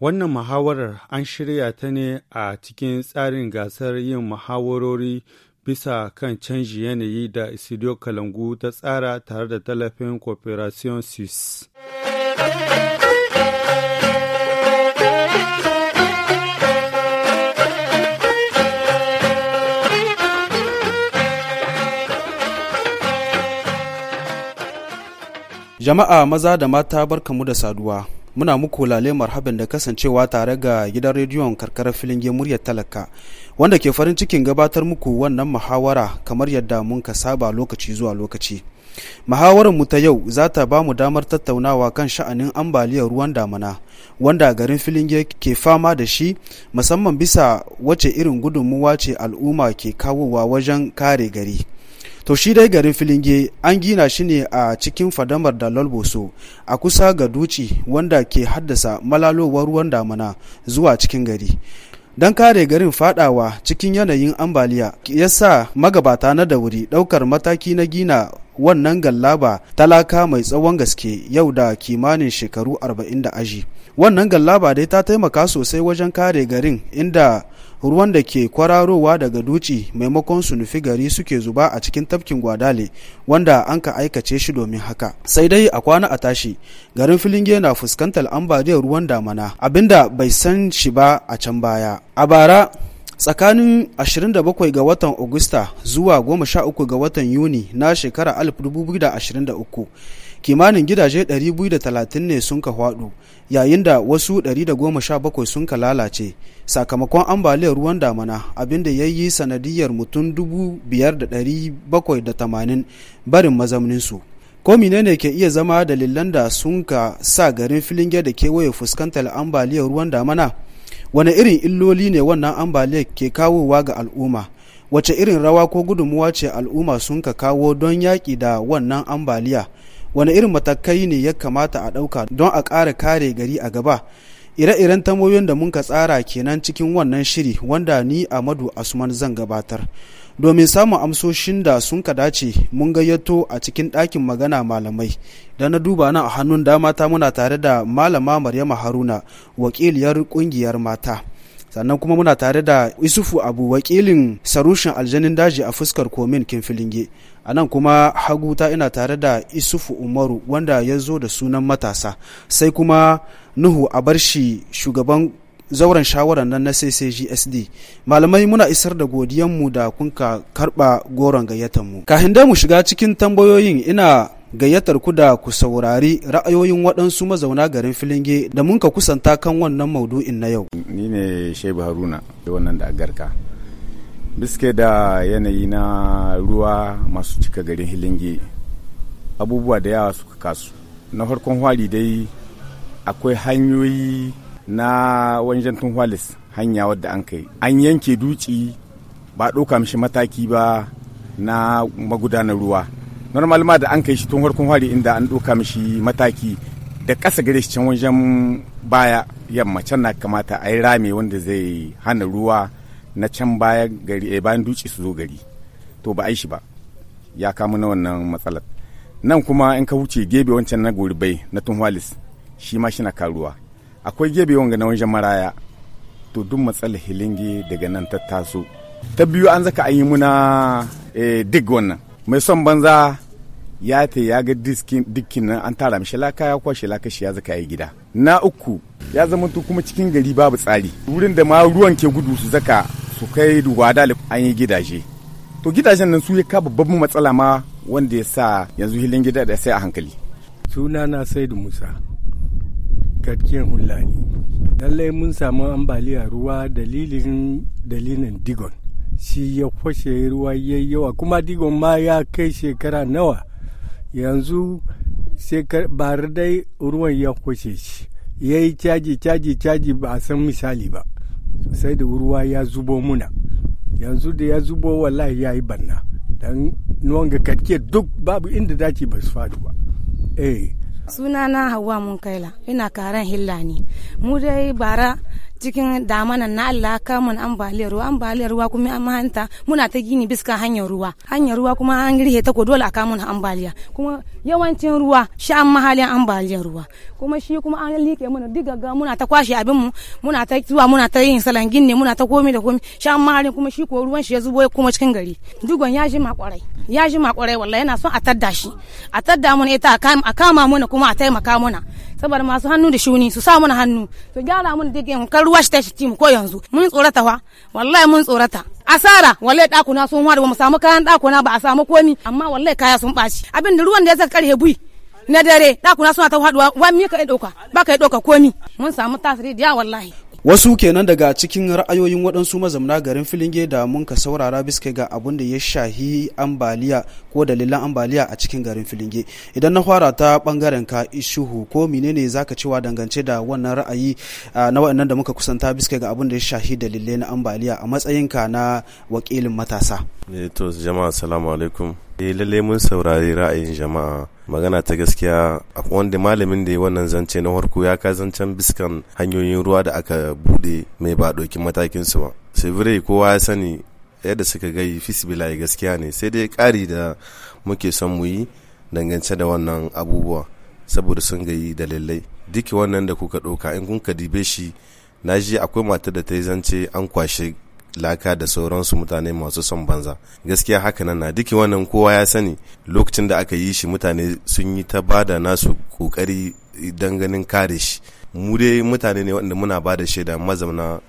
Wannan muhawarar an shirya ta ne a cikin tsarin gasar yin muhawarori bisa kan canji yanayi da Isidio Kalangu ta tsara tare da tallafin Cooperation Suisse. Jama'a maza da mata barkamu da saduwa. muna muku lalai marhaban da kasancewa tare ga gidan rediyon karkarar filin muryar talaka wanda ke farin cikin gabatar muku wannan muhawara kamar yadda mun ka saba lokaci zuwa lokaci muhawarar mu ta yau za ta ba mu damar tattaunawa kan sha'anin ambaliyar ruwan damana wanda garin filinge ke fama da shi musamman bisa wace irin gudunmuwa ce al'umma ke kawowa wajen kare gari to shi dai garin filinge an gina shi ne a cikin fadamar da lalboso a kusa ga duci wanda ke haddasa malalowar ruwan damana zuwa cikin gari don kare garin fadawa cikin yanayin ambaliya ya sa magabata na da wuri daukar mataki na gina wannan gallaba talaka mai tsawon gaske yau da kimanin shekaru arba'in da aji wannan gallaba dai ta taimaka sosai wajen kare garin inda ruwan da ke kwararowa daga duci maimakon su nufi gari suke zuba a cikin tafkin gwadale wanda an ka aikace shi domin haka sai dai a kwana a tashi garin filinge na fuskantar ambaliyar ruwan damana abinda bai san shi ba a can baya a bara tsakanin 27 ga watan Agusta zuwa 13 ga watan Yuni na shekara 2023 kimanin gidaje 230 ne sun ka hwadu yayin da wasu 117 sun ka lalace sakamakon ambaliyar ruwan damana abinda ya yi sanadiyar mutum 5,780 barin mazauninsu. ko menene ke iya zama dalilan da sun ka sa garin filinge da kewaye fuskantar ambaliyar ruwan damana wani irin illoli ne wannan ambaliyar ke kawowa ga al'umma wace irin rawa ko gudunmuwa ce al'umma sun ka kawo don yaƙi da wannan ambaliya wani irin matakai ne ya kamata a ɗauka don a ƙara kare gari a gaba ire-iren tamoyin da mun ka tsara kenan cikin wannan shiri wanda ni amadu asman zan gabatar domin samun amsoshin da sun ka dace mun gayyato a cikin ɗakin magana malamai da na duba nan a hannun dama ta muna tare da malama maryama haruna wakiliyar ƙungiyar mata sannan kuma muna tare da isufu abu wakilin sarushin aljanin daji a fuskar komin kinfilinge a nan kuma hagu ta ina tare da isufu umaru wanda ya zo da sunan matasa sai kuma nuhu a abarshi shugaban zauren shawarar nan na ccgsd malamai muna isar da mu da kunka karba goron gayyatar mu. kafin dai mu shiga cikin tambayoyin ina gayyatar ku da ku saurari ra'ayoyin waɗansu mazauna garin filinge da mun ka kusanta kan wannan maudu'in na yau ni ne shehu haruna da wannan da agarka biske da yanayi na ruwa masu cika garin hilinge abubuwa da yawa suka kasu na farkon hwari dai akwai hanyoyi na wajen hwalis hanya wadda an kai an yanke duci ba ɗauka mishi mataki ba na magudanar ruwa normal ma da an kai shi tun harkun hari inda an ɗauka mishi mataki da ƙasa gare shi can wajen baya yamma can na kamata a yi rame wanda zai hana ruwa na can baya gari eh, bayan duci su zo gari to ba a ba ya kama na wannan matsalar nan kuma in ka wuce gebe wancan na goribai na tunwalis shi ma shi na karuwa akwai gebe wanga na wajen maraya to duk matsalar hilingi daga nan ta taso ta biyu an zaka an yi muna eh, dig wannan mai son banza ya ta ya ga dukkin nan an tara mishi laka ya kwashe laka shi ya zaka yi gida na uku ya zama to kuma cikin gari babu tsari wurin da ma ruwan ke gudu su zaka su kai da an yi gidaje to gidajen nan su ya ka babban matsala ma wanda ya sa yanzu hilin gida da sai a hankali sunana saidu musa garkiyan hulani lallai mun samu ambaliya ruwa dalilin dalilin digon shi ya fashe ruwa ya yawa kuma digon ma ya kai shekara nawa yanzu bar dai ruwan ya fashe shi ya yi caji caji caji ba a san misali ba sai da ruwa ya zubo muna yanzu da ya zubo wallahi ya yi banna don nuwan ga karkiyar duk babu inda dace ba su faɗi ba eh Suna na hawa mun kaila ina karan hilla ne mu dai bara cikin damanan na Allah ka mun ambaliyar ruwa ambaliyar ruwa kuma an mahanta muna ta gini biska hanyar ruwa hanyar ruwa kuma an girhe ta ko dole a mun ambaliya kuma yawancin ruwa shi an mahalin ambaliyar ruwa kuma shi kuma an like mana duk ga muna ta kwashe abin mu muna ta zuwa muna ta yin salan ginne muna ta komi da komi shi an mahalin kuma shi ko ruwan shi ya zubo kuma cikin gari dugon ya shi ma kwarai ya ji ma kwarai wallahi yana son a tadda shi a tadda mun ita a kama mun kuma a taimaka muna saboda masu hannu da shuni su sa muna hannu su gyara mun dige mu kan ruwa shi mu ko yanzu mun tsorata fa wallahi mun tsorata asara wallahi dakuna sun hwa mu samu kayan dakuna ba a samu komi amma wallahi kaya sun baci abin da ruwan da ya saka karhe bui na dare dakuna suna ta haduwa wani ka ya dauka baka dauka komi mun samu tasiri da wallahi wasu kenan daga cikin ra'ayoyin waɗansu mazamna garin filinge da mun ka saurara biskai ga abun da ya shahi ambaliya ko dalilan ambaliya a cikin garin filinge idan na fara ta bangaren ka ishuhu ko menene ka cewa dangance da wannan ra'ayi ah, na waɗannan da muka kusanta biskai ga abun da ya shahi dalilai na ambaliya a matsayinka na wakilin matasa ne to jama'a salamu alaikum eh lalle mun saurari ra'ayin jama'a magana ta gaskiya a wanda malamin da ya wannan zance na farko ya ka zancen biskan hanyoyin ruwa da aka bude mai ba ɗauki matakin su ba sibirai kowa ya sani yadda suka gai fisibilai gaskiya ne sai dai ƙari da muke son mu yi dangance da wannan abubuwa saboda sun da dalilai duk wannan da kuka ɗauka in kun ka dibe shi na ji akwai matar da ta yi zance an kwashe laka da sauransu mutane masu son banza gaskiya haka nan na duki wannan kowa ya sani lokacin da aka yi shi mutane sun yi ta bada nasu kokari don ganin kare shi mu dai mutane ne wanda muna bada shaida mazauna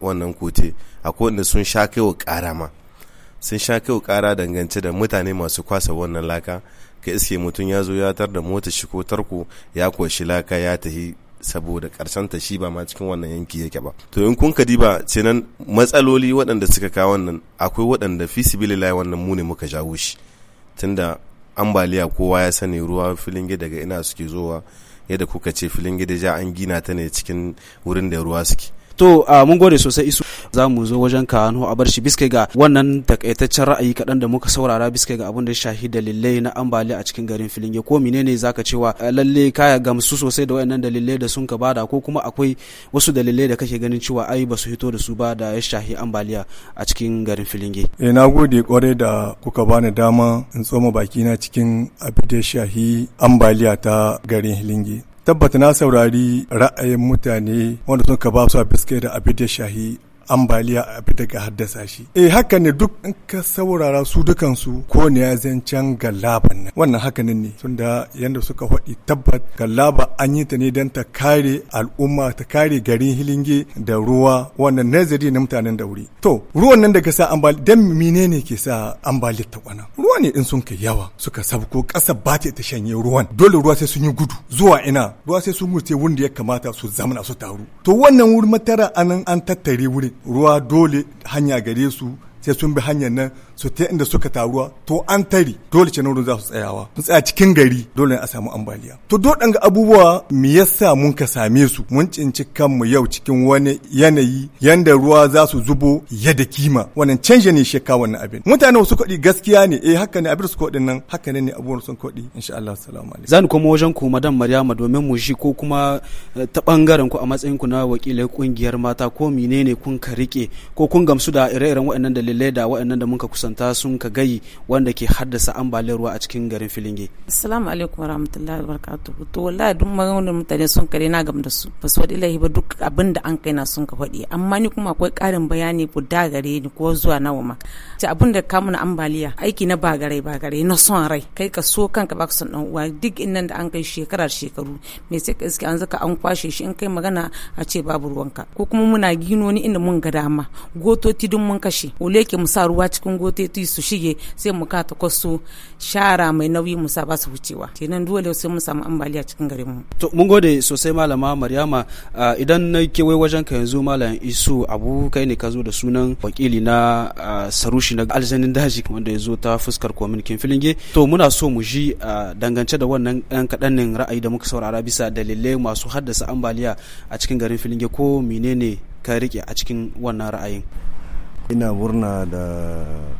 wannan kote akwai wanda sun sha kaiwa kara ma sun sha kaiwa kara dangance da mutane masu kwasa wannan laka ka iske mutum ya zo ya tar da mota shi ko tarko ya koshi laka ya tahi saboda karshen ta shi ba ma cikin wannan yanki yake ba to in kun kadi ba nan matsaloli waɗanda suka kawo wannan akwai waɗanda fi lai wannan mu ne muka jawo shi tunda ambaliya kowa ya sani ruwa filin daga ina suke zowa yadda kuka ce filin ja an gina ta ne cikin wurin da ruwa suke to a ah, mun gode sosai isu za mu zo wajen ka hannu a bar shi biske ga wannan takaitaccen ra'ayi kaɗan da muka saurara biske ga abin da shahi dalilai na ambaliya a cikin garin filinge ko menene zaka cewa ah, lalle kaya gamsu sosai da wayannan dalilai da sun ka bada ko kuma akwai wasu dalilai da kake ganin cewa ai ba su hito da su ba da ya shahi ambaliya a cikin garin filinge eh na gode kwarai da kuka bani dama in tsoma bakina cikin abin da shahi ambaliya ta garin filinge tabbata na saurari ra'ayin mutane wanda sun ka ba su a biske da abin da shahi ambaliya a fita ga haddasa shi eh haka ne duk in ka saurara su dukansu ko ne ya zancen gallaban nan wannan haka ne tunda yanda suka faɗi tabbat gallaba an yi ta ne dan ta kare al'umma ta kare garin hilinge da ruwa wannan nazari na mutanen da wuri to ruwan nan da ka sa ambali dan menene ke sa ambali ta kwana ruwa ne in sun kai yawa suka sabko ƙasa ba ta shanye ruwan dole ruwa sai sun yi gudu zuwa ina ruwa sai sun wuce wurin da ya kamata su zamana su taru to wannan wuri matara anan an tattare wurin ruwa dole hanya gare su sai sun bi hanyar nan su ta inda suka taruwa to an tari dole ce wurin za su tsayawa su tsaya cikin gari dole ne a samu ambaliya to do ga abubuwa me yasa mun ka same su mun cinci kanmu yau cikin wani yanayi yanda ruwa za su zubo yadda kima wannan canje ne shekka wannan abin mutane su kwaɗi gaskiya ne eh haka ne abin su kwaɗin nan haka ne abubuwan sun kwaɗi insha Allah salamu alaikum zan kuma wajen ku madam Maryama domin mu shi ko kuma eh, ta bangaren ku a matsayin ku na wakilai kungiyar mata ko menene kun ka rike ko kun gamsu da ire-iren waɗannan dalilai da waɗannan da mun ka kusa kusanta sun ka gai wanda ke haddasa ambaliyar ruwa a cikin garin filinge assalamu alaikum warahmatullahi wabarakatuh to wallahi duk maganganun mutane sun kare na gam da su ba su faɗi laifi ba duk abin da an kai na sun ka faɗi amma ni kuma akwai ƙarin bayani da gare ni ko zuwa nawa ma ce abin da kamu na ambaliya aiki na bagarai bagarai na son rai kai ka so kanka ba ka son dan uwa duk innan da an kai shekara shekaru me sai ka iske an zaka an kwashe shi in kai magana a ce babu ruwanka ko kuma muna gino ni inda mun ga dama gototi duk mun kashe ole ke mu sa ruwa cikin goto. kwamitoci su shige sai mu ka ta kwasu shara mai nauyi mu sa ba su wucewa kenan dole sai mu samu ambaliya cikin garin mu to mun gode sosai malama maryama idan na kewaye wajen ka yanzu malam isu abu kai ne ka zo da sunan wakili na sarushi na aljanin daji wanda ya zo ta fuskar kin filinge to muna so mu ji dangance da wannan ɗan kaɗanin ra'ayi da muka saurara bisa dalilai masu haddasa ambaliya a cikin garin filinge ko menene ka rike a cikin wannan ra'ayin ina murna da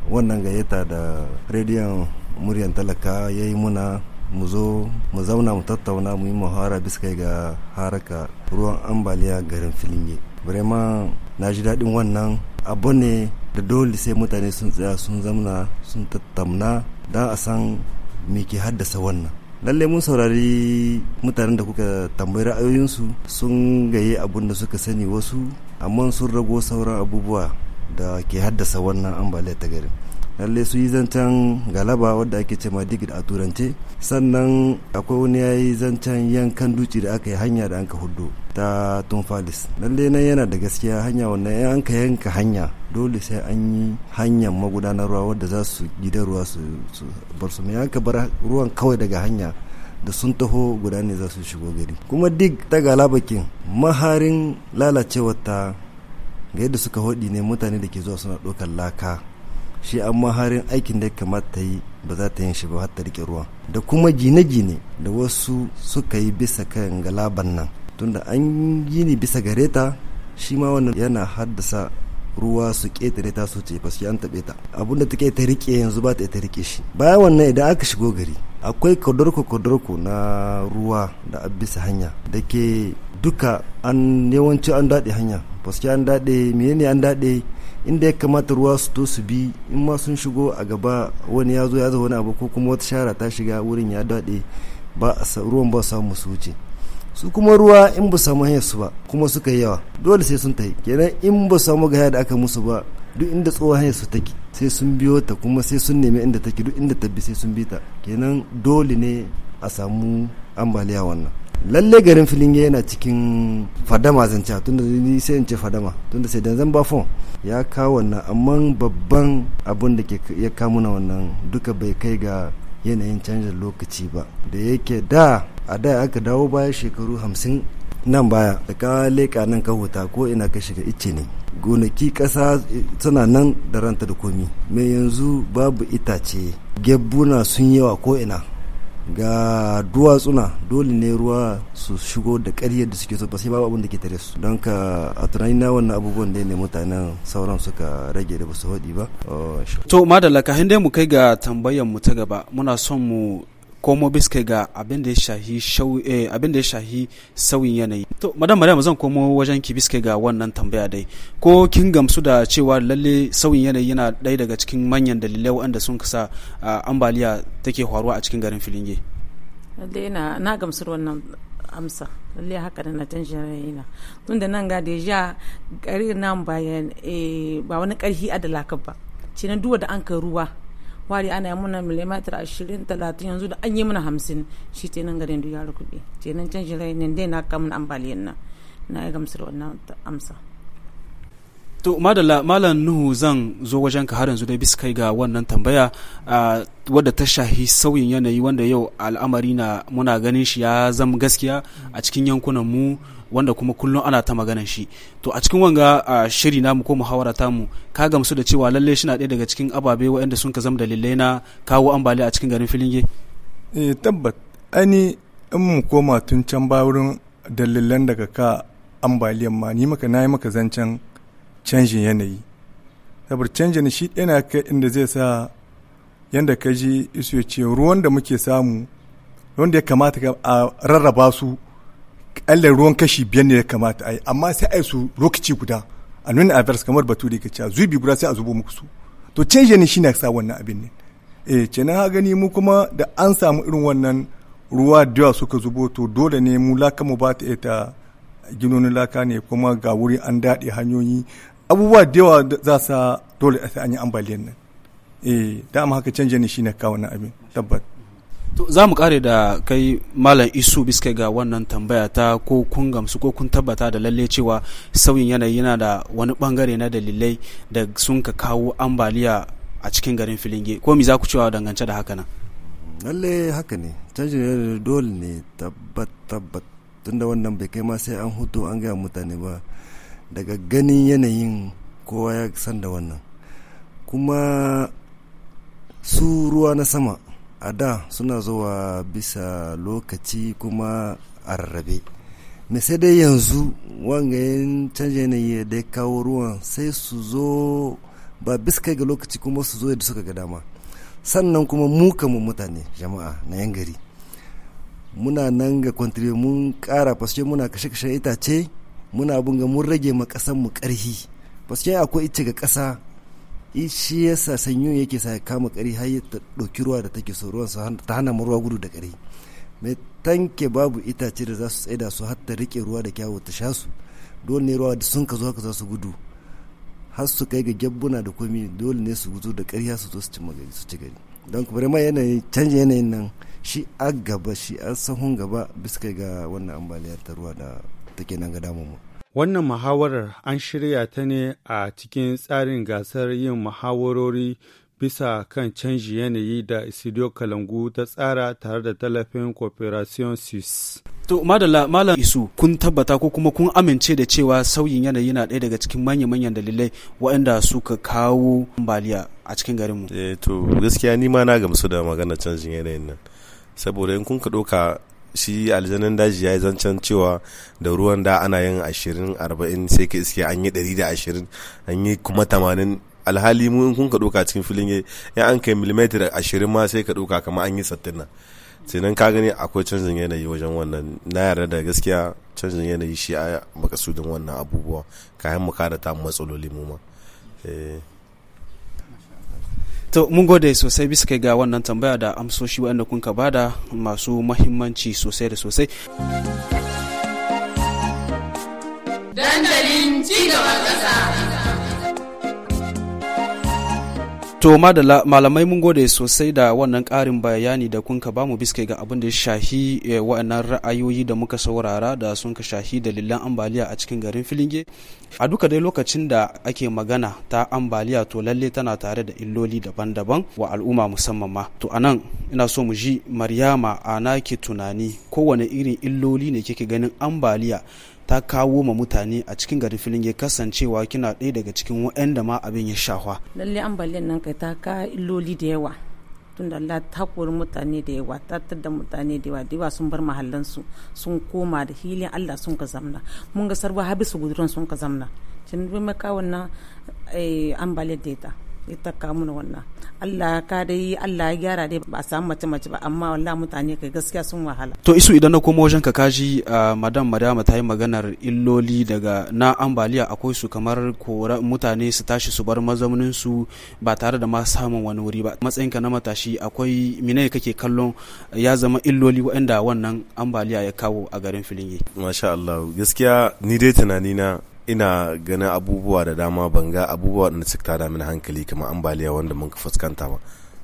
wannan gayyata da rediyon muryan talaka ya yi muna mu zo mu zauna mu tattauna mu yi muhara biskai ga haraka ruwan ambaliya garin filinge vraiment na ji daɗin wannan abu ne da dole sai mutane sun tsaya sun zamna sun tattauna don a san me ke haddasa wannan lallai mun saurari mutanen da kuka tambayi ra'ayoyinsu sun gaye abin da suka sani wasu amma sun rago sauran abubuwa da ke haddasa wannan ambaliyar ta garin lalle su yi zancen galaba wadda ake ce digid a turance sannan akwai wani ya yi zancen yankan duci da aka yi hanya da anka hudu ta tunfalis lalle nan yana da gaskiya hanya wannan an anka yanka hanya dole sai an yi hanyar magudanar ruwa wadda za su gida ruwa su bar su mai anka bar ruwan kawai daga hanya da sun taho guda ne za su shigo gari kuma dig ta galabakin maharin lalacewa ta ga yadda suka hodi ne mutane da ke zuwa suna ɗaukar laka shi amma harin aikin da ya kamata ta yi ba za ta yin shi ba hatta ta rike ruwan da kuma gine-gine da wasu suka yi bisa kan galaban nan tunda an gini bisa gare ta shi ma wannan yana haddasa ruwa su ƙetare ta su ce fasu an taɓe ta abinda da take ta rike yanzu ba ta ta rike shi bayan wannan idan aka shigo gari akwai kodorko kodorko na ruwa da abisa hanya da ke duka an yawanci an daɗe hanya paske an daɗe ne an daɗe inda ya kamata ruwa su to su bi in ma sun shigo a gaba wani ya zo ya zo wani abu ko kuma wata shara ta shiga wurin ya daɗe ba ruwan ba samu su wuce su kuma ruwa in ba samu hanyar su ba kuma suka yi yawa dole sai sun tafi kenan in ba samu gaya da aka musu ba duk inda tsohon hanyar su take sai sun biyo ta kuma sai sun nemi inda take duk inda ta bi sai sun bi ta kenan dole ne a samu ambaliya wannan lalle garin filinge yana cikin fadama zan tunda ni sai in ce fadama tunda sai dan zan ba fon ya kawo wannan amma babban abin da ke ya na wannan duka bai kai ga yanayin canjin lokaci ba da yake da a da aka dawo baya shekaru hamsin nan baya da ka leƙa nan ka huta ko ina ka shiga icce ne gonaki kasa suna nan da ranta da komi mai yanzu babu itace gebbuna sun yawa ko ina ga duwatsuna dole ne ruwa su shigo da ƙaryar da suke so ba sai babu abin da ke tare su don ka a tunanin na wannan abubuwan da ne mutanen sauran suka rage da basu su haɗi ba oh, to madalla ka dai mu kai ga tambayar mu ta gaba muna son mu komo biske ga abin da ya shahi eh, abin da ya shahi sauyin yanayi to madam madam zan komo wajen ki biske ga wannan tambaya dai ko kin gamsu da cewa lalle sauyin yanayi yana ɗaya daga cikin manyan dalilai waɗanda sun kasa ambaliya take faruwa a cikin garin filin ge. na na wannan amsa lalle haka da na tanshi raina tun da nan ga deja garin nan bayan eh, ba wani karhi a da lakab ba cinan duwa da an ka ruwa wari ana yi muna milimetar ashirin talatin yanzu da an yi muna hamsin shi ce nan garin ya kuɗi ce nan can shirai ne dai na kamun ambaliyan nan na yi gamsar wannan amsa. to madalla malam nuhu zan zo wajen ka har yanzu dai kai ga wannan tambaya wadda ta shahi sauyin yanayi wanda yau al'amari na muna ganin shi ya zama gaskiya a cikin yankunan mu wanda kuma kullum ana ta maganan shi to a cikin wanga shiri namu ko muhawara mu ka gamsu da cewa lalle shi na ɗaya daga cikin ababe waɗanda sun ka zama dalilai na kawo ambaliya a cikin garin filinge eh tabbat ani in mu koma tun can ba wurin dalilan daga ka ambaliyan ma ni maka nayi maka zancen canjin yanayi saboda canjin shi ɗaya na kai inda zai sa yanda ka ji isu ya ce ruwan da muke samu wanda ya kamata a rarraba su ƙallar ruwan kashi biyar ne ya kamata a yi amma sai a yi su lokaci guda a nuna avers kamar batu da ke cewa zubi guda sai a zubo muku su to canje ne shi na sa wannan abin ne eh kenan ha gani mu kuma da an samu irin wannan ruwa da yawa suka zubo to dole ne mu laka mu ba ta ita ginonin laka ne kuma ga wuri an daɗe hanyoyi abubuwa da yawa za sa dole a sa an yi ambaliyan nan eh dama haka canje ne shi na kawo wannan abin tabbat za mu kare da kai malam isu biske ga wannan tambaya ta ko kun gamsu ko kun tabbata da lalle cewa sauyin yanayi yana da wani bangare na dalilai da sun ka kawo ambaliya a cikin garin filinge ko mi za ku cewa dangance da haka nan lalle haka ne canjin yanayi dole ne tabbat tabbat tunda wannan bai kai ma sai an hutu an gaya mutane ba daga ganin yanayin kowa ya san da wannan kuma su ruwa na sama a da suna zuwa bisa lokaci kuma a rarrabe me sai dai yanzu yin canje yanayi da ya kawo ruwan sai su zo ba bisa ga lokaci kuma su zo yadda suka ga dama sannan kuma mu kamun mutane jama'a na yan gari muna nan ga kwantire mun kara fasce muna kashe-kashe itace muna bunga mun rage ma kasan mu karhi fasce akwai ice ga kasa shi yasa sanyo yake sa kama kari har ya ɗauki ruwa da take so ruwan ta hana mu ruwa gudu da kari mai tanke babu itace da za su tsaida su har ta rike ruwa da kyawu ta sha su dole ne ruwa da sun ka zo haka za su gudu har su kai ga gyabbuna da komi dole ne su gudu da kari su zo su ci magani su ci gari don kuma ma yanayin canjin yanayin nan shi a gaba shi a sahun gaba bisa ga wannan ambaliyar ta ruwa da take nan ga damu mu Wannan muhawarar an shirya ta ne a cikin tsarin gasar yin muhawarori bisa kan canji yanayi da Isidio Kalangu ta tsara tare da tallafin Cooperation sis To madalla malam isu kun tabbata ko kuma kun amince da cewa sauyin yanayi na ɗaya daga cikin manya-manyan dalilai waɗanda suka kawo ambaliya a cikin garinmu. Eh to gaskiya ni ma na gamsu da magana canjin yanayin nan. Saboda in kun ka ɗauka shi aljanin daji ya yi zancen cewa da ruwan da ana yin ashirin arba'in sai ka iske an yi ɗari da ashirin an yi kuma tamanin alhali mu in kun ka cikin filin ya ya an kai milimetar ashirin ma sai ka ɗauka kama an yi sattin nan sai nan ka gani akwai canjin yanayi wajen wannan na yarda da gaskiya canjin yanayi shi a makasudin wannan abubuwa kayan mu kada ta matsaloli mu ma. Eh. To mun gode sosai bisa kai ga wannan tambaya da amsoshi wa kun ka bada masu mahimmanci sosai da sosai. Dandalin cigaban ƙasa. To malamai mun gode sosai da wannan karin bayani da kunka ka bamu biske ga abin da ya shahi eh, wa'annan ra'ayoyi da muka saurara da sun ka shahi dalilan ambaliya a cikin garin Filinge. A duka dai lokacin da ake magana ta ambaliya to lalle tana tare da illoli daban-daban wa al'umma musamman ma. To anan ina so mu ji Maryama a naki tunani kowane irin illoli ne kike ganin ambaliya ta kawo ma mutane a cikin garin filin ya kasancewa kina ɗaya daga cikin waɗanda ma abin ya shahwa. lalle ambaliyar nan kai ta ka illoli da yawa tun da Allah ta kori mutane da yawa ta da mutane da yawa da yawa sun bar mahallansu sun koma da hilin Allah sun ka zamna mun ga sarwa habisu guduran sun ka zamna Cin bai makawan wannan eh, ambaliyar da ita ka mana wannan Allah ka dai Allah ya gyara dai ba samu mace mace ba amma wallah mutane kai gaskiya sun wahala to isu idan na komo wajen ka kaji madam madama ta yi maganar illoli daga na ambaliya akwai su kamar kora mutane su tashi su bar mazaunin su ba tare da ma samun wani wuri ba matsayin ka na matashi akwai mine kake kallon ya zama illoli waɗanda wannan ambaliya ya kawo a garin filin yi. masha Allah gaskiya ni dai na. ina ganin abubuwa da dama banga abubuwa da suka tada mini hankali kamar ambaliya wanda mun fuskanta ba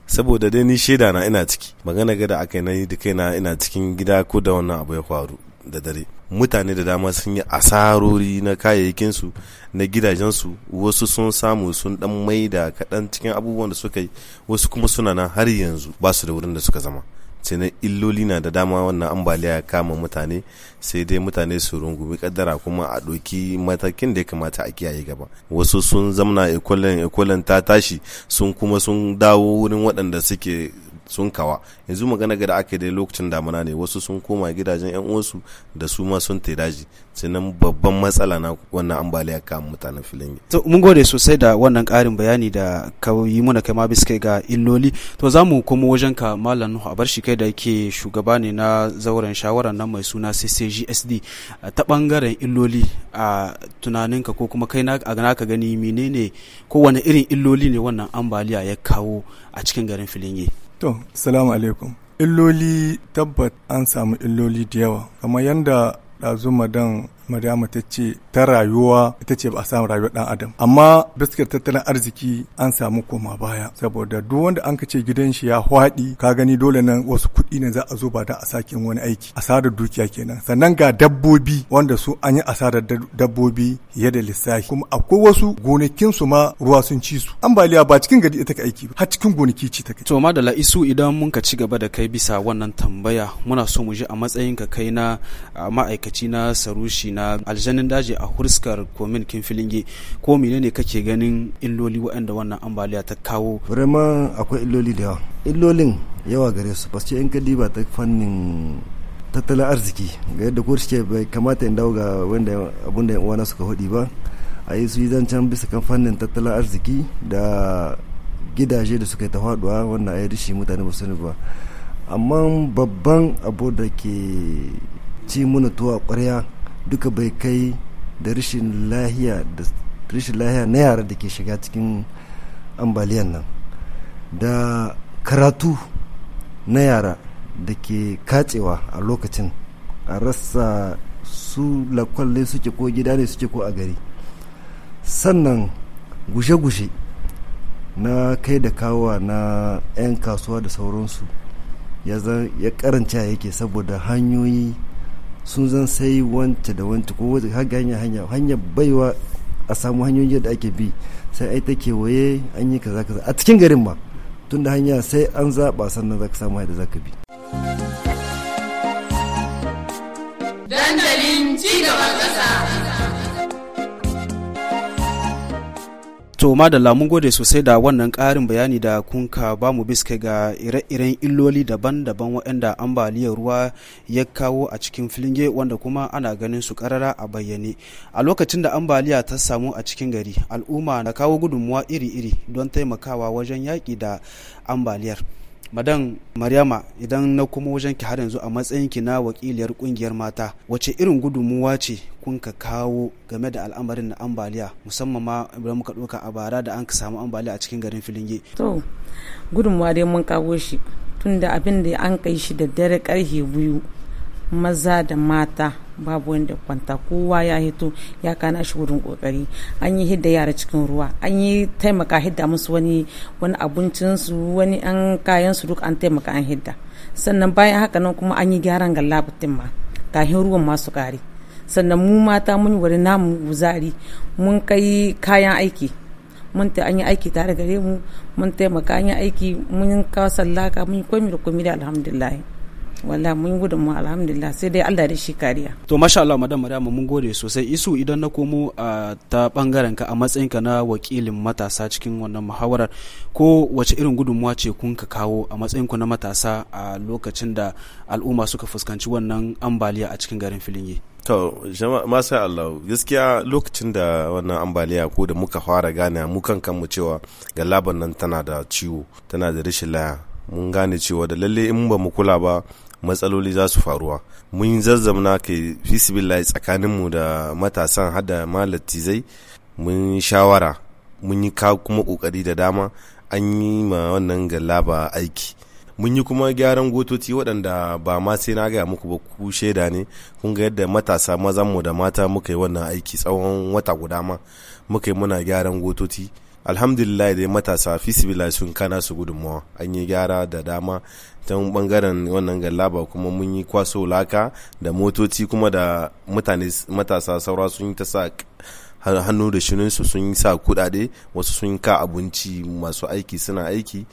saboda dai ni shaida na ina ciki magana ga da aka na yi da kaina ina cikin gida ko da wannan abu ya faru da dare mutane da dama sun yi asarori na kayayyakinsu na gidajensu wasu sun samu sun dan maida kaɗan cikin abubuwan da suka yi wasu kuma suna nan har yanzu ba su da wurin da suka zama sai na illoli na da dama wannan ambaliya ya kama mutane sai dai mutane su rungumi kaddara kuma a ɗoki matakin da ya kamata a kiyaye gaba wasu sun zamna ikolan ikolan ta tashi sun kuma sun dawo wurin waɗanda suke sun kawa yanzu magana ga da aka dai lokacin damuna ne wasu sun koma gidajen yan uwansu da su ma sun tai daji sannan babban matsala na wannan ambaliya ka mutanen filin to mun gode sosai da wannan karin bayani da ka yi muna kai ma biskai ga illoli to za mu komo wajen ka malam nuhu a shi kai da yake shugaba ne na zauren shawarar nan mai suna ccgsd ta bangaren illoli a tunaninka ko kuma kai na ka gani menene ko wani irin illoli ne wannan ambaliya ya kawo a cikin garin filin yi To, salamu alaikum. Illoli tabbat an samu illoli da yawa, kamar yadda ɗazu madan madama ta ce ta rayuwa ita ce ba a samu rayuwar dan adam amma biskar tattalin arziki an samu koma baya saboda duk wanda an ce gidan shi ya hwadi ka gani dole nan wasu kuɗi ne za a zo ba da a sake wani aiki asarar dukiya kenan sannan ga dabbobi wanda su an yi asarar dabbobi ya da lissafi kuma akwai wasu gonakin su ma ruwa sun ci su ambaliya ba cikin gari ita ka aiki ba har cikin gonaki ci ta kai to madala isu idan mun ka ci gaba da kai bisa wannan tambaya muna so mu ji a matsayin ka kai na ma'aikaci na sarushi na na aljanin daji a huskar komin kin filinge ko menene kake ganin illoli waɗanda wannan ambaliya ta kawo vraiment akwai illoli da yawa illolin yawa gare su parce in ka diba ta fannin tattalin arziki ga yadda ko shike bai kamata in dawo ga wanda abun da uwana suka hudi ba a yi su yi zancen bisa kan fannin tattalin arziki da gidaje da suka yi ta faduwa wannan ayi rishi mutane ba sani ba amma babban abu da ke ci muna tuwa ƙwarya duka bai kai da rashin lahiya na yara da ke shiga cikin ambaliyan nan da karatu na yara da ke kacewa a lokacin a rasa su lakwalle suke ko gida ne suke ko a gari sannan gushe-gushe na kai da kawa na 'yan kasuwa da sauransu ya karanta yake saboda hanyoyi sun zan sai wanta da wanta ko wata haga hanya hanya hanya baiwa a samu hanyoyin da ake bi sai ai ta kewaye an yi kaza kaza a cikin garin ma tunda hanya sai an zaɓa sannan za ka samu hanyar da za ka bi. Dandalin ci gaba to da lamun gode sosai da wannan karin bayani da kunka ba mu biske ga ire-iren illoli daban-daban waɗanda ambaliyar ruwa ya kawo a cikin filinge wanda kuma ana ganin su karara a bayyane a lokacin da ambaliya ta samu a cikin gari al'umma na kawo gudunmuwa iri-iri don taimakawa wajen yaƙi da ambaliyar madan maryama idan na kuma wajen ki har yanzu a matsayin ki na wakiliyar kungiyar mata wace irin gudunmuwa ce kun ka kawo game da al'amarin na ambaliya musamman ma idan muka ɗauka a bara da an ka samu ambaliya a cikin garin filinge to gudunmuwa dai mun kawo shi tunda abin da an kai shi da dare karhe biyu maza da mata babu wanda kwanta kowa ya hito ya kana shi wurin kokari an yi hidda yara cikin ruwa an yi taimaka hidda musu wani wani abincinsu wani an kayan su duk an taimaka an hidda sannan bayan haka nan kuma an yi gyaran gallabutin ma kahin ruwan masu kare sannan mu mata mun wani namu guzari mun kai kayan aiki mun ta an yi aiki tare gare mu mun taimaka an yi aiki mun kawo sallaka mun yi komi da komi da alhamdulillah wallahi mun gudun mu alhamdulillah sai dai Allah da shi kariya to masha Allah madam Maryama mun gode sosai isu idan na komo a ta bangaren ka a matsayin ka na wakilin matasa cikin wannan muhawarar ko wace irin gudunmuwa ce kun ka kawo a matsayin ku na matasa a lokacin da al'umma suka fuskanci wannan ambaliya a cikin garin Filinge to masha Allah gaskiya lokacin da wannan ambaliya ko da muka fara gane mu kan mu cewa galaban nan tana da ciwo tana da rashin laya mun gane cewa da lalle in ba mu kula ba matsaloli za su faruwa mun zazzamna ke fisibillahi tsakaninmu da matasan hada zai mun shawara mun yi kuma kokari da dama an yi ma wannan galaba aiki mun yi kuma gyaran gototi waɗanda ba ma sai na gaya muku ba ku shaida ne kun ga yadda matasa mazanmu da mata muka yi wannan aiki tsawon wata guda ma muka yi muna gyaran gototi. alhamdulillah dai matasa fisibila sun kana su gudunmawa an yi gyara da dama ta bangaren wannan gallaba kuma mun yi kwaso laka da motoci kuma da mutane matasa saura sun yi ta sa hannu da shirinsu sun yi sa kudade wasu sun yi ka abinci masu aiki suna aiki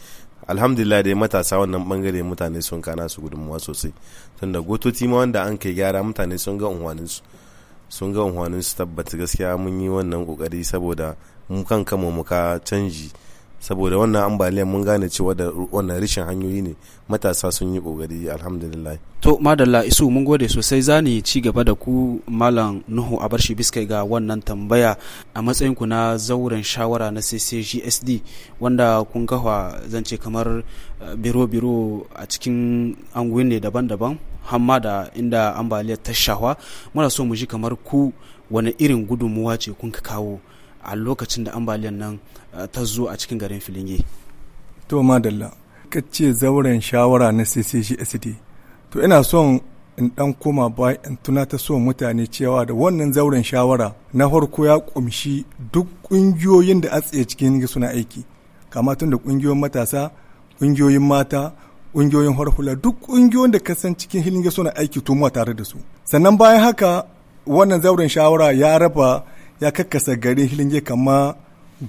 alhamdulillah dai matasa wannan bangare mutane sun kana su gudunmawa sosai tunda gototi ma wanda an kai gyara mutane sun ga unhwaninsu sun ga unhwaninsu tabbata gaskiya mun yi wannan kokari saboda mu kan kama mu ka canji saboda wannan ambaliyar mun gane cewa da wannan rishin hanyoyi ne matasa sun yi kokari alhamdulillah to madalla isu mun gode sosai zani ci gaba da ku malam nuhu a barshi biskai ga wannan tambaya a matsayin ku na zauren shawara na ccgsd wanda kun kafa zance kamar eh, biro-biro a cikin anguwin ne daban-daban hamma da inda ambaliyar ta shawa muna so mu ji kamar ku wani irin gudunmuwa ce kun ka kawo a lokacin da ambaliyar nan eh, ta zo a cikin garin filinge to madalla ka ce zauren shawara na cccd to ina son in dan koma ba in ta so mutane cewa da wannan zauren shawara na farko ya kumshi duk ƙungiyoyin da a tsaye cikin suna aiki kama tun da ƙungiyoyin matasa ƙungiyoyin mata ƙungiyoyin harhula duk ƙungiyoyin da kasan cikin hilinga suna aiki tumuwa tare da su sannan bayan haka wannan zauren shawara ya raba ya kakkasa gari hilinge kama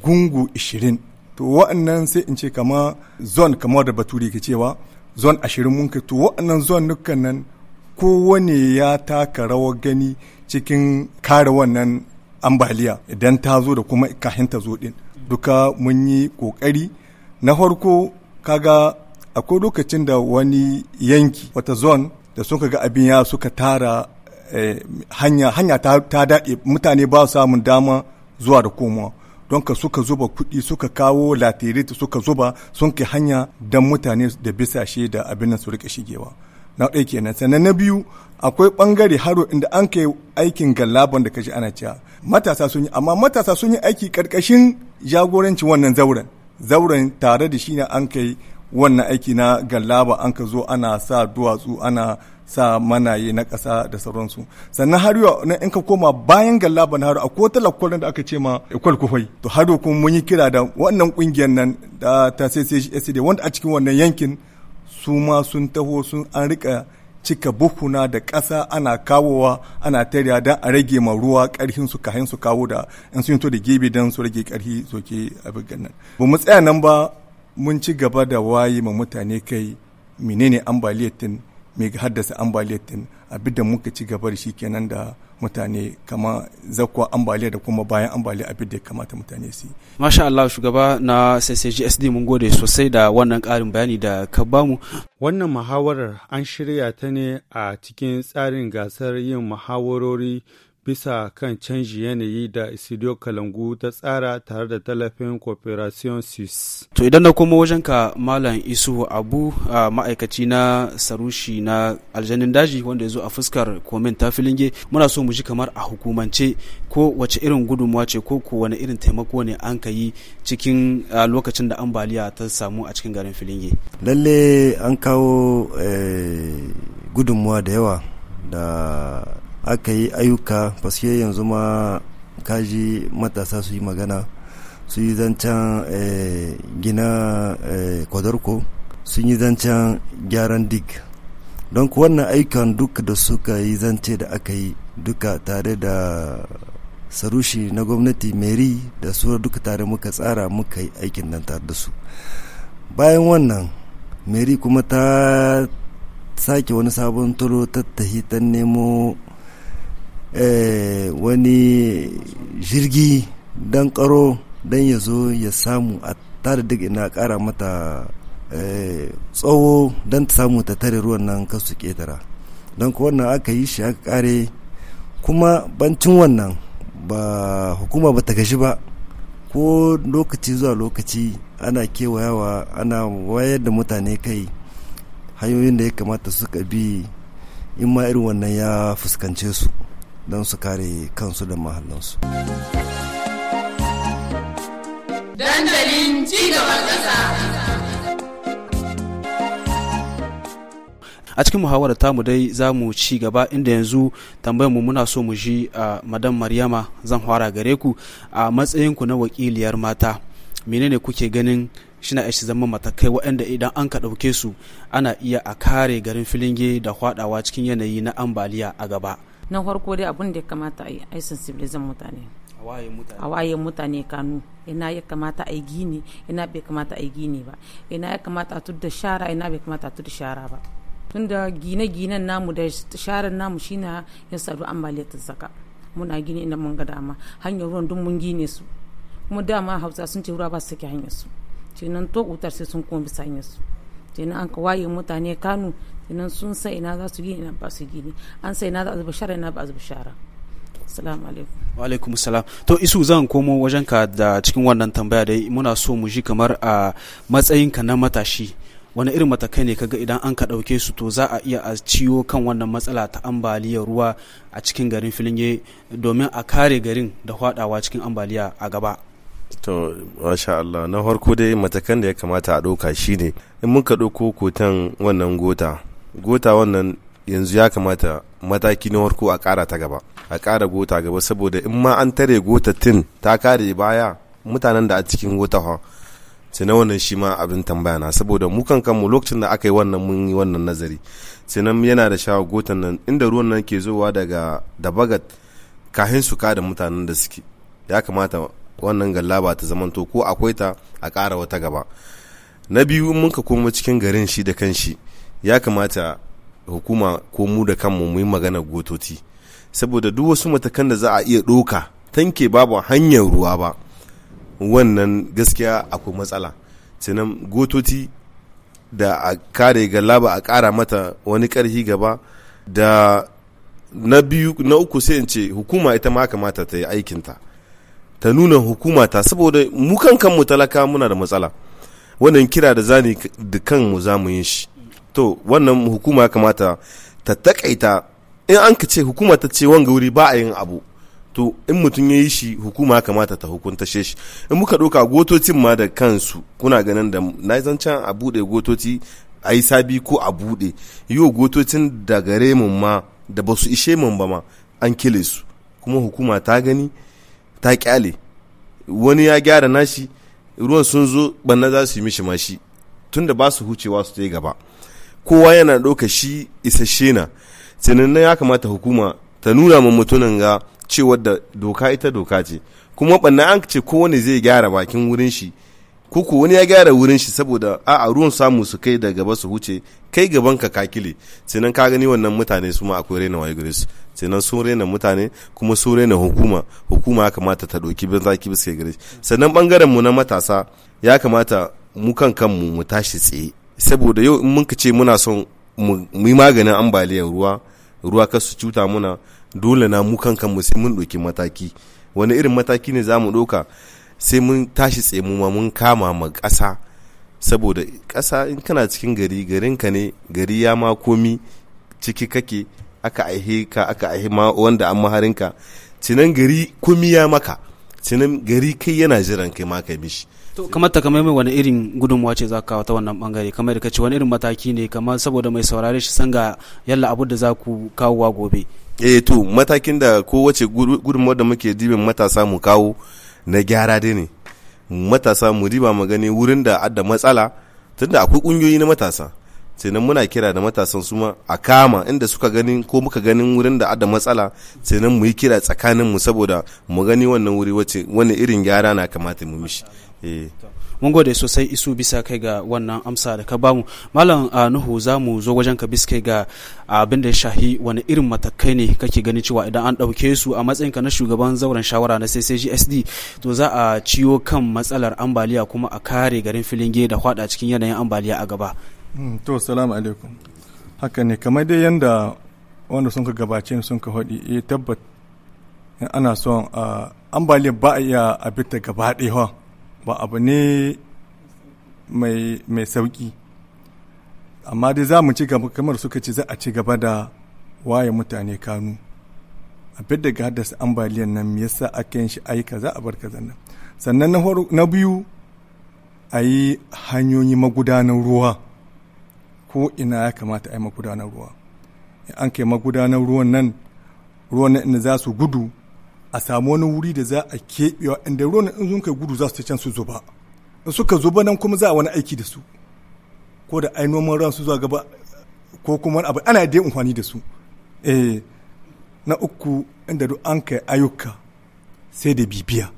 gungu 20 to wa'annan sai in ce kama zon kamar da baturi ke cewa zone 20 mun to wa'annan zone nukan nan kowane ya taka rawar gani cikin kare wannan ambaliya idan ta zo da kuma kahin ta zo din duka mun yi kokari na farko kaga akwai lokacin da wani yanki wata zon da suka ga abin ya suka tara Eh, hanya hanya ta daɗe mutane ba samun dama zuwa da komowa don ka suka zuba kuɗi suka kawo latirit suka zuba sun kai hanya don mutane da bisashe da abin su rika shigewa na ɗaya kenan sannan na biyu akwai ɓangare haro inda an kai aikin gallaban da kaji ana cewa matasa sun yi amma matasa sun yi aiki ƙarƙashin jagoranci wannan zauren zauren tare da shi ne an kai wannan aiki na gallaba an ka zo ana sa duwatsu ana sa mana manaye na ƙasa da sauransu sannan har yau na in ka koma bayan galla ban haru akwai wata lakwarin da aka ce ma ikwal kufai to har kuma mun yi kira da wannan ƙungiyar nan da ta CCSD wanda a cikin wannan yankin su ma sun taho sun an rika cika buhuna da ƙasa ana kawowa ana tarya don a rage ma ruwa ƙarfin su kahin su kawo da in sun to da gebe don su rage ƙarfi soke abin nan ba mu tsaya nan ba mun ci gaba da waye ma mutane kai menene ambaliyar mai haddasa ambaliyar abin da muka ci gaba da shi kenan da mutane kama zakwa ambaliyar da kuma bayan ambaliyar abin da ya kamata mutane su Masha Allah shugaba na SSGSD mun gode sosai da wannan karin bayani da ka bamu. Wannan muhawarar an shirya ta ne a cikin tsarin gasar yin muhawarori bisa kan canji yanayi da Isidio Kalangu ta tsara tare da tallafin Cooperation Sis. To idan na komo wajen ka Malam Isu Abu a ma'aikaci na Sarushi na aljanin daji wanda ya zo a fuskar komen ta filinge muna so mu ji kamar a hukumance ko wace irin gudunmuwa ce ko ko wani irin taimako ne an ka yi cikin lokacin da ambaliya ta samu a cikin garin filinge. Lalle an kawo eh, gudunmuwa da yawa da aka yi ayyuka paske yanzu ma kaji matasa su yi magana su yi zancen eh, gina eh, kwadarko sun yi zancen gyaran dig don wannan ayyukan duk da suka yi zance da aka yi duka tare da sarushi na gwamnati meri da su duka tare muka tsara muka yi aikin nan tare da su bayan wannan meri kuma ta sake wani sabon turo tattahi ta nemo Eh, wani jirgi don karo don ya zo ya samu a tare da ina kara mata eh, tsawo don ta samu ta tare ruwan nan kasu ketara don ku wannan aka yi shi aka kare kuma bancin wannan ba hukuma ba ta gashi ba ko lokaci zuwa lokaci ana kewayawa ana wayar da mutane kai hanyoyin da ya kamata suka bi in ma irin wannan ya fuskance su don su kare kansu da mahallansu. a cikin muhawarar tamu dai za mu ci gaba inda yanzu tambayar mu muna so mu ji a madam maryama zan fara gare ku a matsayinku na wakiliyar mata menene kuke ganin shina ishi zama matakai waɗanda idan an ka ɗauke su ana iya a kare garin filinge da hwadawa cikin yanayi na ambaliya a gaba na farko dai abin da ya kamata a yi A sensibilizan mutane a waye mutane kanu ina ya kamata a yi gini ina bai kamata a yi gini ba ina ya kamata a tudda shara ina bai kamata a tudda shara ba tunda gine-ginen namu da sharan namu shine ya sadu ambaliyar saka muna gini ina mun ga dama hanyar ruwan duk mun gine su kuma dama hausa sun ce ruwa ba su sake hanyar su to wutar sai sun kuma bisa hanyar su kenan an ka waye mutane kanu idan sun sai ina za su gini ba su gini an sai ina za su bishara ina ba su bishara shara alaikum wa alaikum salam to isu zan komo wajen ka da cikin wannan tambaya dai muna so mu ji kamar a matsayin ka na matashi wani irin matakai ne kaga idan an ka ɗauke su to za a iya a ciwo kan wannan matsala ta ambaliyar ruwa a cikin garin filinge domin a kare garin da faɗawa cikin ambaliya a gaba to masha Allah na farko dai matakan da ya kamata a ɗauka shine in muka ɗauko kotan wannan gota gota wannan yanzu ya kamata mataki na farko a ƙara ta gaba a ƙara gota gaba saboda in ma an tare gota gotatin ta kare baya mutanen da a cikin gota ha sai wannan shi ma abin tambaya na saboda mu kan kanmu lokacin da aka yi wannan mun yi wannan nazari sai yana da shawar gotan nan inda ruwan nan ke zowa daga dabagat kahin su kada mutanen da suke ya kamata wannan gallaba ta zamanto ko akwai ta a ƙara wata gaba na biyu mun ka koma cikin garin shi da kanshi ya kamata hukuma ko mu da kanmu mu yi magana gototi saboda duk wasu matakan da za a iya ɗoka tanke babu hanyar ruwa ba wannan gaskiya akwai matsala sannan gototi da a kare galaba a ƙara mata wani ƙarfi gaba da na biyu na uku sai in ce hukuma ita ma kamata ta yi aikinta ta nuna hukuma ta saboda mu kan kanmu talaka muna da matsala wannan kira da zani da kanmu za mu yin shi to wannan hukuma ya kamata ta takaita in an ka ce hukuma ta ce wanga wuri ba a yin abu to in mutum ya yi shi hukuma ya kamata ta hukunta shi in muka ɗauka gotocin ma da kansu kuna ganin da na yi zancen a buɗe gotoci a yi sabi ko a buɗe wa gotocin da gare mun ma da ba su ishe mun ba ma an kile su kuma hukuma ta gani ta kyale wani ya gyara nashi ruwan sun zo bana za su yi mishi mashi da ba su hucewa su ta yi gaba kowa yana ɗauka shi isasshe na sannan ya kamata hukuma ta nuna ma mutumin ga cewa da doka ita doka ce kuma ɓanna an ce kowane zai gyara bakin wurin shi ko wani ya gyara wurin shi saboda a a ruwan samu su kai da gaba su huce kai gaban ka kakile sannan ka gani wannan mutane su ma akwai raina wayo gare su sun raina mutane kuma sun raina hukuma hukuma ya kamata ta ɗauki bin zaki bisa gare sannan ɓangaren mu na matasa ya kamata mu kan kanmu mu tashi tsaye saboda yau in muka ce muna son mu yi maganin ambaliyar ruwa ruwa kar su cuta muna dole na mu kan kanmu sai mun ɗauki mataki wani irin mataki ne za mu ɗauka sai mun tashi tsaye ma mun kama ma ƙasa saboda ƙasa in kana cikin gari garinka ne gari ya ma komi ciki kake aka aihe ka aka aihe ma wanda an maharinka cinan gari komi ya maka cinan gari kai yana jiran kai ma kai mishi to kamar ta kamar wani irin gudunmuwa ce za ka kawo ta wannan bangare kamar da kace wani irin mataki ne kamar saboda mai saurare shi sanga yalla abu da za ku wa gobe eh to matakin da kowace gudunmuwa da muke dibin matasa mu kawo na gyara dai ne matasa mu riba mu gani wurin da adda matsala tunda akwai kungiyoyi na matasa sai nan muna kira da matasan suma a kama inda suka ganin ko muka ganin wurin da adda matsala sai nan mu yi kira tsakanin mu saboda mu gani wannan wuri wace wani irin gyara na kamata mu mishi Eh. mun gode sosai isu bisa kai ga wannan amsa da ka bamu malam ah, nuhu za mu zo wajen ka kai ga ah, abin da ya shahi wani irin matakai ne kake gani cewa idan an ɗauke su a matsayin ka na shugaban zauren shawara na ccgsd to za a ciyo kan matsalar ambaliya kuma a kare garin filin da hwada cikin yanayin ambaliya a gaba hmm, to salamu alaikum haka ne kamar dai yanda wanda sun ka gabace sun ka haɗi eh, tabbat ana son ah, ambaliya ba a iya abita gaba ɗaya ba abu ne mai sauki amma dai za mu ci gaba kamar suka ce za a ci gaba da waye mutane kanu abin da haddasa ambaliyan nan me yasa ake yin shi aika kaza a bar kaza nan sannan na biyu a yi hanyoyi magudanar ruwa ko ina ya kamata a yi magudanar ruwa in an kai magudanar ruwan nan ruwan nan za su gudu a samu wani wuri da za a keɓewa inda ruwan in sun kai gudu za su can su zuba in suka zuba nan kuma za a wani aiki da su ko da ai noman ran su zuwa gaba ko kuma abu ana dai amfani da su eh na uku inda duk an kai ayyuka sai da bibiya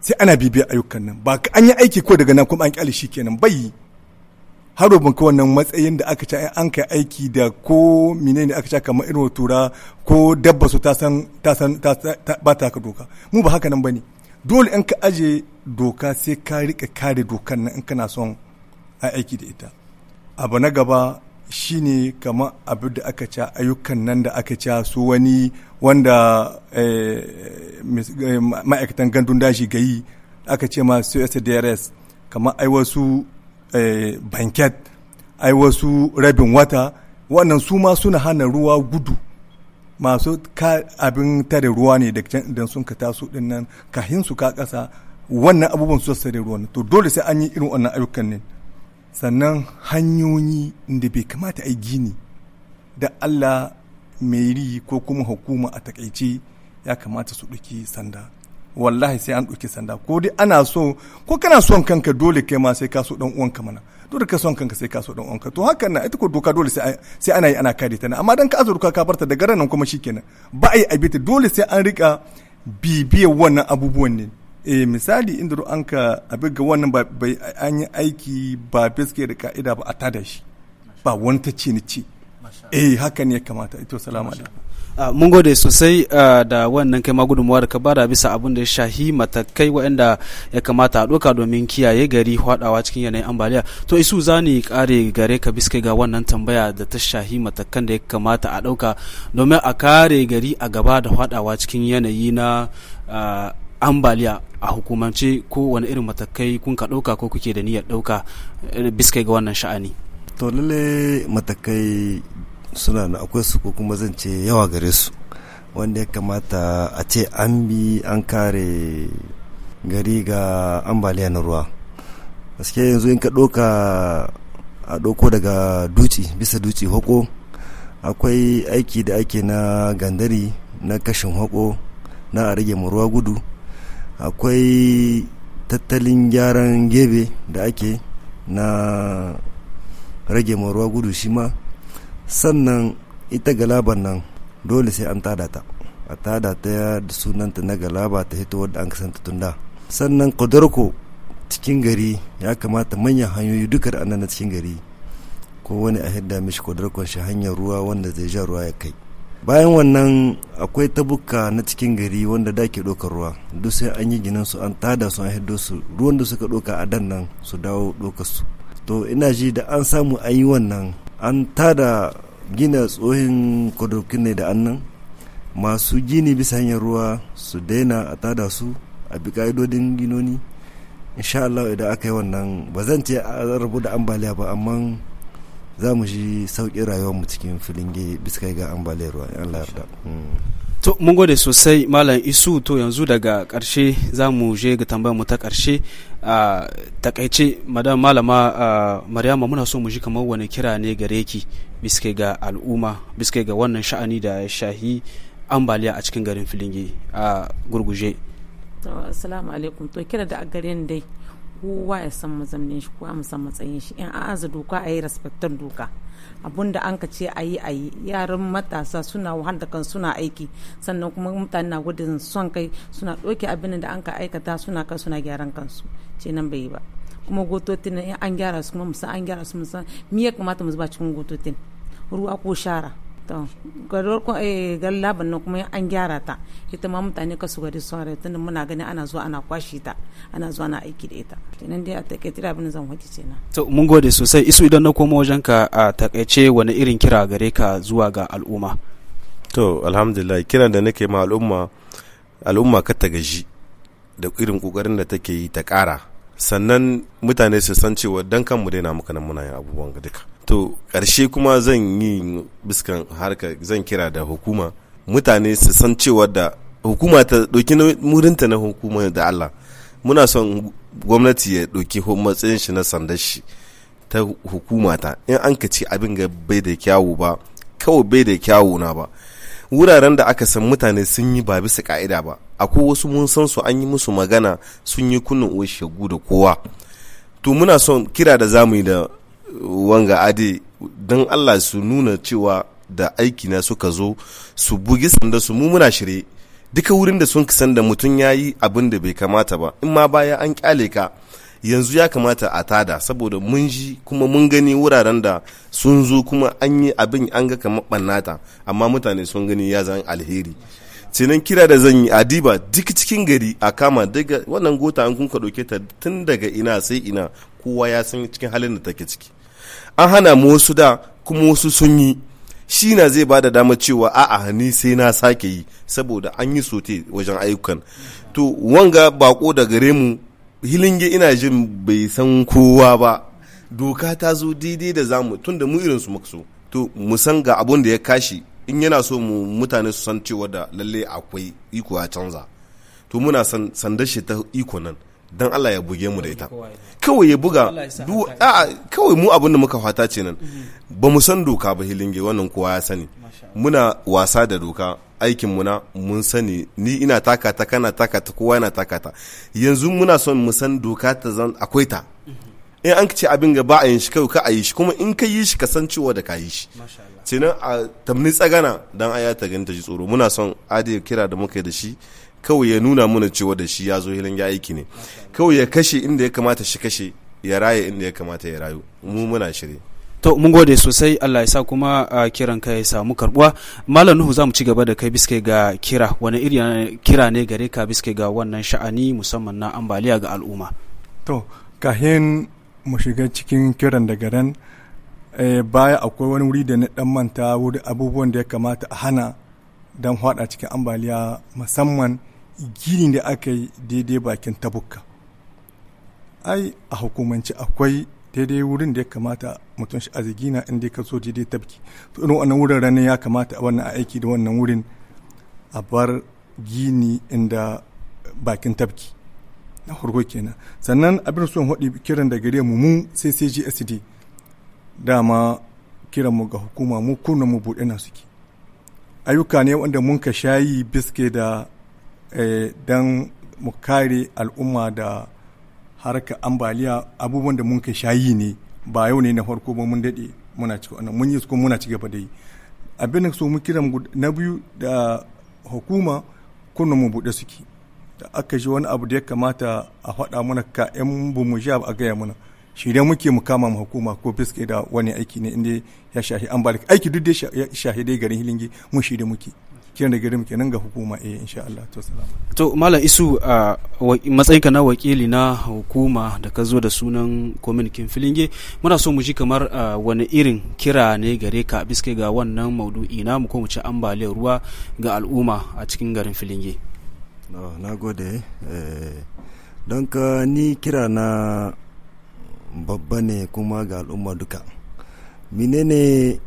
sai ana bibiya ayyukan nan ba an yi aiki ko daga nan kuma an kyale shi kenan bai haro ban wannan matsayin da aka ci an kai aiki da ko mine ne aka ci kamar irin tura ko dabba su ta san ba ta ka doka mu ba haka nan bane dole in ka aje doka sai ka rika kare dokan nan in kana son a aiki da ita abu na gaba shine kamar abu da aka ci ayyukan nan da aka ci su wani wanda eh, eh, ma'aikatan gandun daji gayi aka ce ma CSDRS kamar ai wasu Eh, banket ai wasu rabin wata wannan su ma suna hana ruwa gudu masu ka abin tare ruwa ne da sun ka taso din nan kahin su ka kasa wannan abubuwan su tare ruwa to dole sai an yi irin wannan ayyukan ne sannan hanyoyi da bai kamata a yi gini da Allah ri ko kuma hukuma a takaice ya kamata su ɗauki sanda wallahi sai an ɗauki sanda ko dai ana so ko kana son kanka dole kai ma sai ka so dan uwanka mana dole ka son kanka sai ka so dan uwanka to haka na ita ko doka dole sai sai ana yi ana kare ta amma dan ka azurka ka barta daga ranan kuma shikenan ba a yi abita dole sai an rika bibiye wannan abubuwan ne eh misali inda an ka abin ga wannan ba an yi aiki ba biske da ka'ida ba a tada shi ba wani ta ce ni ce eh haka ne ya kamata ito salamu alaikum Ah, mun gode sosai ah, da wannan kai ma gudunmuwa da ka bada bisa abin da ya shahi matakai waɗanda ya kamata a ɗauka domin kiyaye gari hwadawa cikin yanayin ambaliya to isu za ni kare gare ka biske ga wannan tambaya da ta shahi matakan da ya kamata a ɗauka domin a kare gari a gaba da hwadawa cikin yanayi na ah, ambaliya a hukumance ko wani irin matakai kun ka ɗauka ko kuke da niyyar ɗauka eh, biske ga wannan sha'ani to lalle matakai suna na akwai su ko kuma zan ce yawa gare su wanda ya kamata a ce an bi an kare gari ga ambaliya na ruwa gaske yanzu in ka ɗoka a ɗauko daga duci bisa duci hoko akwai aiki da ake na gandari na kashin hoko na a rage ruwa gudu akwai tattalin gyaran gebe da ake na rage ruwa gudu shi ma sannan ita galaban nan dole sai an tada ta a tada ta da sunanta na galaba ta hito wadda an kasanta tunda sannan kudurku cikin gari ya kamata manyan hanyoyi duka da na cikin gari ko wani a hidda mishi kodorkon shi hanyar ruwa wanda zai ja ruwa ya kai bayan wannan akwai tabuka na cikin gari wanda da ke ɗaukar ruwa duk sai an yi ginin su an tada su an hiddo su ruwan da suka ɗauka a dan nan su dawo ɗaukar su to ina ji da an samu an yi wannan an tada gina tsohin kwadokin ne da annan masu gini bisa hanyar ruwa su daina a tada su a bi ka'idodin ginoni insha Allah idan aka yi wannan ba zan ce a rabu da ambaliya ba amma za mu shi sauƙin mu cikin filin bisa ga ambaliyar ruwa in Allah yarda hmm. To mun gode sosai Malam Isu to yanzu daga karshe za mu je ga tambayar mu ta karshe a takaice madam malama Maryama muna so mu ji kamar wani kira ne gare ki biske ga al'umma biske ga wannan sha'ani da ya shahi ambaliya a cikin garin Filinge a gurguje. Assalamu alaikum to kira da gare dai kowa ya san mazamnin shi kowa musan matsayin shi in an aza doka a yi respectar doka. abun da an ka ce a yi a yi yaran matasa suna wahanta kan suna aiki sannan kuma mutane na gudun son kai suna ɗauke abin da an ka aikata suna kan suna gyaran kansu ce nan bai yi ba kuma gototin an gyara su kuma musa an gyara su musa miya kamata mu zuba cikin gototin ruwa ko shara to galla eh, bannan kuma an gyara ta ita ma mutane kasu gari sore tunda muna gani ana zuwa ana kwashi ta ana zuwa ana aiki da ita kenan dai a takaice abin zan hoti ce na to mun gode sosai isu idan na koma wajen ka a takaice wani irin kira gare ka zuwa ga al'umma to alhamdulillah kiran da nake ma al'umma al'umma ka ta gaji da irin kokarin da take yi ta kara sannan mutane su san cewa dan kanmu dai na muka nan muna yin abubuwan duka to karshe kuma zan yi biskan harka zan kira da hukuma mutane su san cewa da hukuma ta ɗauki murinta na hukuma da Allah muna son gwamnati ya ɗauki matsayin shi na sandar shi ta hukuma ta in an ka ce abin ga bai da kyawu ba kawai bai da kyawu na ba wuraren da aka san mutane sun yi ba bisa ka'ida ba akwai wasu mun san su an yi musu magana sun yi kunnin uwa shegu da kowa to muna son kira da zamu yi da wanga ade don allah su nuna cewa da aiki na suka zo su bugi sanda su mu muna shirye duka wurin da sun san da mutum ya yi abin da bai kamata ba in ma baya an kyale ka yanzu ya kamata a tada saboda mun ji kuma mun gani wuraren da sun zo kuma an yi abin an ga kamar ɓannata amma mutane sun gani ya zan alheri cinan kira da zan yi adiba duk cikin gari a kama daga wannan gota an kun ka ɗauke ta tun daga ina sai ina kowa ya san cikin halin da take ciki an hana mu wasu da kuma wasu sun yi shi na zai ba da damar cewa a'a ni sai na sake yi saboda an yi sote wajen ayyukan to wanga bako da gare mu hilinge ina jin bai san kowa ba doka ta zo daidai da zamu tun da mu irin su makso to mu san ga abun da ya kashi in yana so mu mutane su san cewa da lalle akwai iko a canza to muna san shi ta iko nan dan Allah ya buge mu da ita kawai ya buga kawai mu abin da muka fata ce nan ba mu san doka ba hilinge wannan kowa ya sani muna wasa da doka aikin muna mun sani ni ina takata kana takata kowa yana takata. yanzu muna son mu san doka ta zan akwai ta mhm. in an ce abin ga ba a yin shi kawai ka a yi shi kuma in ka yi shi ka san cewa da ka yi shi ce a tamni tsagana dan aya ta gani ta ji tsoro muna son adi kira da muka da shi kawai ya nuna mana cewa da shi ya zo hilin ya aiki ne kawai ya kashe inda ya kamata shi kashe ya raye inda ya kamata ya rayu mu muna shirye to mun gode sosai Allah ya sa kuma kiran ka ya samu karbuwa malam nuhu zamu ci gaba da kai biske ga kira wani iri kira ne gare ka biske ga wannan sha'ani musamman na ambaliya ga al'umma to kahin mu shiga cikin kiran da garan eh, baya akwai wani wuri da na dan manta wuri abubuwan da ya kamata a hana don hada cikin ambaliya musamman gini da aka yi daidai bakin tabukka ai a hukumance akwai daidai wurin da ya kamata mutum shi azigina in dai ka so daidai tabki to irin wannan rana ya kamata a wannan aiki da wannan wurin a bar gini inda bakin tabki na farko kenan sannan abin son haɗi kiran da gare mu mu sai sai gsd dama kiran mu ga hukuma mu kuna mu buɗe na suke ayyuka ne wanda mun ka shayi biske da Eh, don mu kare al'umma da harka ambaliya abubuwan da mun ka shayi ne ba yau ne na farko ba mun daɗe muna mun yi kuma muna ci da yi abin da so mu kiran na biyu da hukuma kunna mu buɗe suke da aka ji wani abu da ya kamata a faɗa mana ka yan bu sha a gaya mana shi dai muke mu kama mu hukuma ko fiske da wani aiki ne inda ya shahi an aiki duk da shahi dai garin hilingi mun shi dai muke kiran da girim kenan ga hukuma eh insha Allah to salama to malam isu a matsayinka na wakili na hukuma da ka zo da sunan communiquin filinge muna so mu ji kamar wani irin kira ne gare ka biske ga wannan maudu'i na mu ko mu ci ambaliyar ruwa ga al'umma a cikin garin filinge na gode eh, don ka ni kira na babba ne kuma ga al'umma duka menene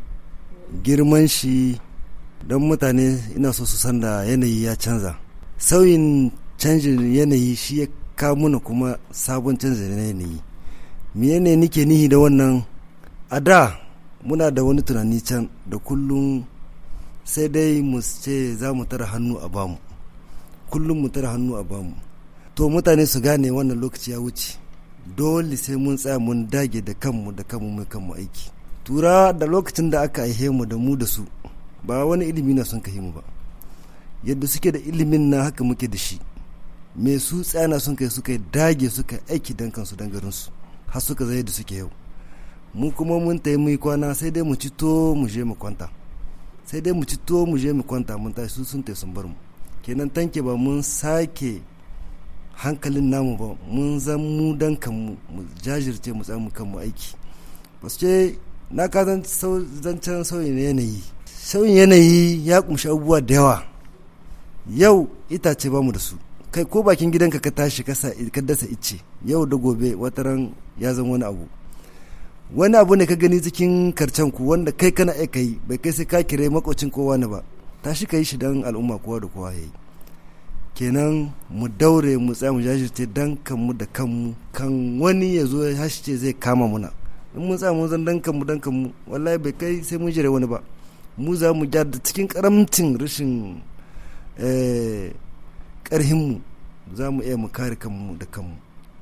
girman shi don mutane ina so su san da yanayi ya canza sauyin canjin yanayi shi ya mana kuma sabon canjin yanayi me ne nike nihi da wannan a da muna da wani tunani can da kullum sai dai mu ce za mu tara hannu a bamu kullum mu tara hannu a bamu to mutane su gane wannan lokaci ya wuce dole sai mun tsaya mun dage da kanmu da kanmu mai kanmu aiki tura da lokacin da aka aihe mu da mu da su ba wani ilimi na son kai mu ba yadda suke da ilimin na haka muke da shi me su tsana sun kai suka dage suka aiki dan kansu dan garin su har suka zai da suke yau mu kuma mun tayi mu kwana sai dai mu ci to mu je mu kwanta sai dai mu ci to mu je mu kwanta mun tashi su sun tayi sun bar mu kenan tanke ba mun sake hankalin namu ba mun zan mu dan kanmu mu jajirce mu tsamu kanmu aiki ba ce na ka zancen sauyi na yanayi sauyin yanayi ya kumshi abubuwa da yawa yau itace ba mu da su kai ko bakin gidanka ka tashi ka dasa ice yau da gobe wataran ya zama wani abu wani abu ne ka gani cikin karcen ku wanda kai kana iya kai bai kai sai ka kire makocin kowa ne ba tashi ka yi shi don al'umma kowa da kowa yayi kenan mu daure mu tsaya mu jajirce dan kanmu da kanmu kan wani ya zo ya zai kama muna in mun tsaya mun zan dan kanmu dan kanmu wallahi bai kai sai mun jire wani ba mu za mu gyara da cikin karamcin rashin karhinmu eh, za mu iya mu kare kanmu da kanmu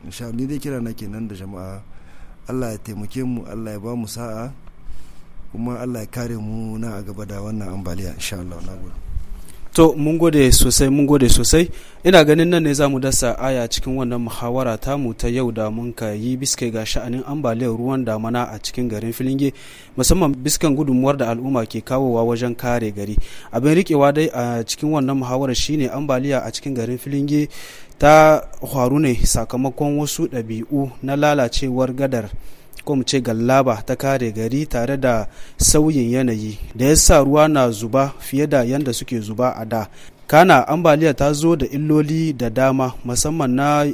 insha ni dai kira na kenan da jama'a Allah ya taimake mu Allah ya ba mu sa'a kuma Allah ya kare mu na a gaba da wannan ambaliya insha Allah na to mun gode sosai mun gode sosai ina ganin nan ne za mu dasa aya cikin wannan muhawara ta ta yau da mun ka yi biske ga sha'anin ambaliyar ruwan damana a cikin garin filinge musamman biskan gudunmuwar da al'umma ke kawowa wajen kare gari abin rikewa dai a cikin wannan muhawarar shine ambaliya a cikin garin filinge ta faru ne sakamakon wasu ɗabi'u na lalacewar gadar ko mu ce gallaba ta kare gari tare da sauyin yanayi da ya sa ruwa na zuba fiye da yadda suke zuba a da kana ambaliya ta zo da illoli da dama musamman na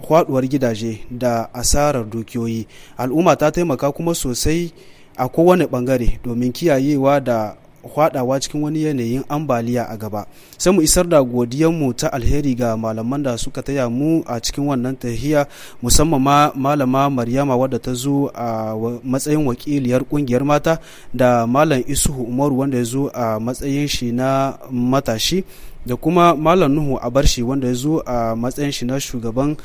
kwaduwar gidaje da asarar dukiyoyi al'umma ta taimaka kuma sosai a kowane bangare domin kiyayewa da hwadawa cikin wani yanayin ambaliya a gaba sai mu isar da mu ta alheri ga malaman da suka taya mu a cikin wannan tahiya musamman ma malama maryama wadda ta zo a matsayin wakiliyar kungiyar mata da malam isuhu umaru wanda ya zo a matsayin shi na matashi da kuma malam nuhu abarshi wanda ya zo a matsayin shi na shugaban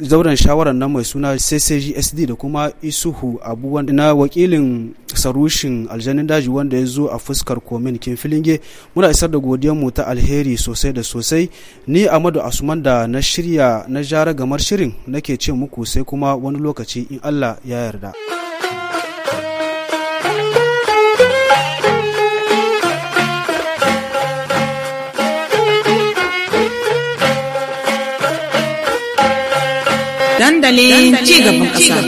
zauren shawarar nan mai suna ccgsd da kuma isuhu abu na wakilin sarushin aljanin daji wanda ya zo a fuskar komin kin filinge muna isar da godiyar mu ta alheri sosai da sosai ni amadu asuman da na shirya na jara gamar shirin nake ce muku sai kuma wani lokaci in allah ya yarda. dandalin cigaban kasa.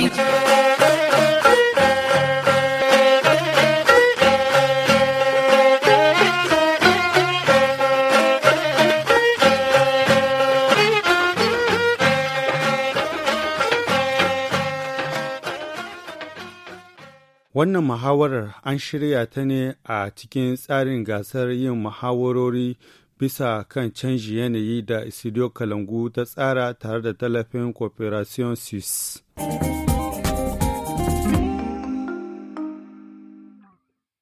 Wannan muhawarar an shirya ta ne a cikin tsarin gasar yin muhawarori bisa kan canji yanayi da isidiyo Kalangu ta tsara tare da tallafin Cooperation Suisse.